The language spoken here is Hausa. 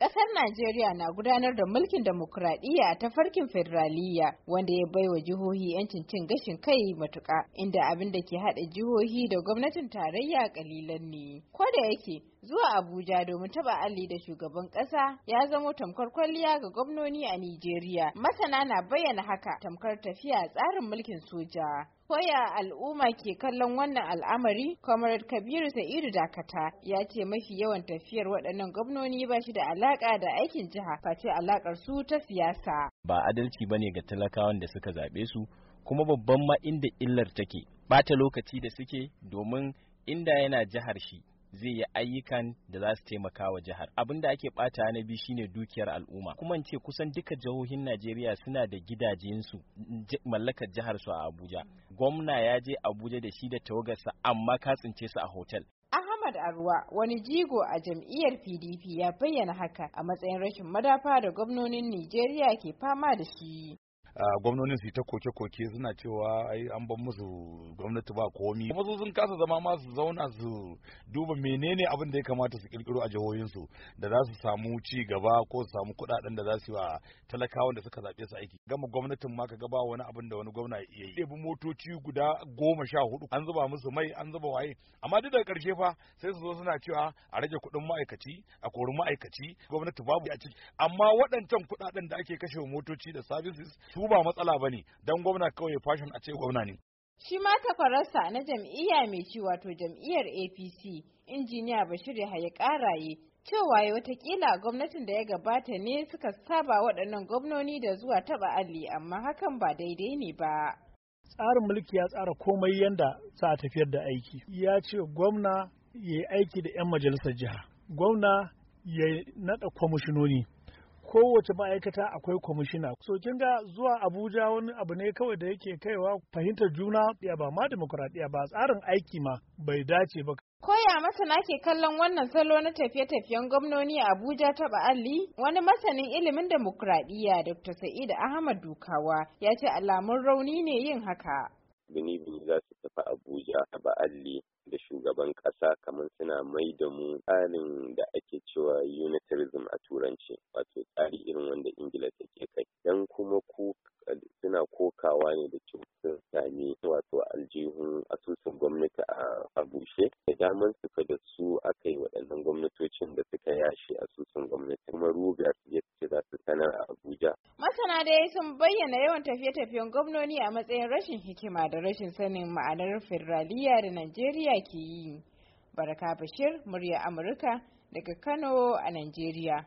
Ƙasar Najeriya na gudanar da mulkin demokuraɗiyya a tafarkin federaliyya wanda ya bai wa jihohi 'yancin cin gashin kai matuƙa inda abin da ke haɗa jihohi da gwamnatin tarayya ƙalilan ne. Ko da yake zuwa Abuja domin taba alli da shugaban kasa ya zamo tamkar kwalliya ga gwamnoni a Nijeriya. Masana na bayyana haka tamkar tafiya tsarin mulkin soja. Koya al'umma ke kallon wannan al'amari, Comrade Kabiru Sa'idu Dakata ya ce mafi yawan tafiyar waɗannan gwamnoni ba shi da alaƙa da aikin jiha face alaƙar su ta siyasa. Ba adalci ba ne ga talakawan da suka zaɓe su, kuma babban ma inda illar take, ɓata lokaci da suke domin inda yana jihar shi zai yi ayyukan da za su taimaka wa jihar abin da ake bata na biyu shine dukiyar al'umma kuma ce kusan duka jihohin najeriya suna da gidajensu mallakar jihar su a abuja gwamna ya je abuja da shi da tawagarsa amma ka tsince su a hotel Ahmad Arwa wani jigo a jam'iyyar PDP ya bayyana haka a matsayin rashin madafa da gwamnonin Nijeriya ke fama da shi. gwamnonin su ta koke-koke suna cewa ai an ban musu gwamnati ba komi kuma su sun kasa zama masu zauna su duba menene abin da ya kamata su kirkiro a jihohinsu da za su samu ci gaba ko su samu kuɗaɗen da za su yi wa talakawan da suka zaɓe su aiki gama gwamnatin ma ka gaba wani abin da wani gwamna ya yi ɗebi motoci guda goma sha hudu an zuba musu mai an zuba waye amma duk daga ƙarshe fa sai su zo suna cewa a rage kuɗin ma'aikaci a kori ma'aikaci gwamnati babu a ciki amma waɗancan kuɗaɗen da ake kashe motoci da services su ba matsala ba ne don gwamna kawai ya fashin a ce gwamna ne. Shi ma takwararsa na jam'iyya mai ci wato jam'iyyar APC, injiniya Bashir Yahaya Karaye, cewa ya watakila gwamnatin da ya gabata ne suka saba waɗannan gwamnoni da zuwa taɓa alli amma hakan ba daidai ne ba. Tsarin mulki ya tsara komai yanda sa tafiyar da aiki. Ya ce gwamna ya yi aiki da 'yan majalisar jiha. Gwamna ya naɗa kwamishinoni. kowace ma'aikata akwai kwamishina so kin ga zuwa abuja wani abu ne kawai da yake kaiwa fahimtar juna ya ba ma demokuraɗiyya ba tsarin aiki ma bai dace ba Koya masana ke kallon wannan salo na tafiye-tafiyen gwamnoni a Abuja ta Ba'ali, wani masanin ilimin demokuraɗiyya Dr. Sa'id Ahmad Dukawa ya ce alamun rauni ne yin haka. bini-bini za su tafi abuja a ba'alli da shugaban ƙasa kamar suna mai da mu tsarin da ake cewa unitarism a turanci wato tsari irin wanda ingila take kai dan kuma ku suna kokawa ne da cutar sami wato aljihun asusun gwamnati a bushe da daman suka da su aka yi waɗannan gwamnatocin da suka yashe asusun gwamnati kuma su dai sun bayyana yawan tafiye-tafiyen gwamnoni a matsayin rashin hikima da rashin sanin ma'anar firraliya da Najeriya ke yi. Baraka Bashir, murya Amurka daga Kano a Najeriya.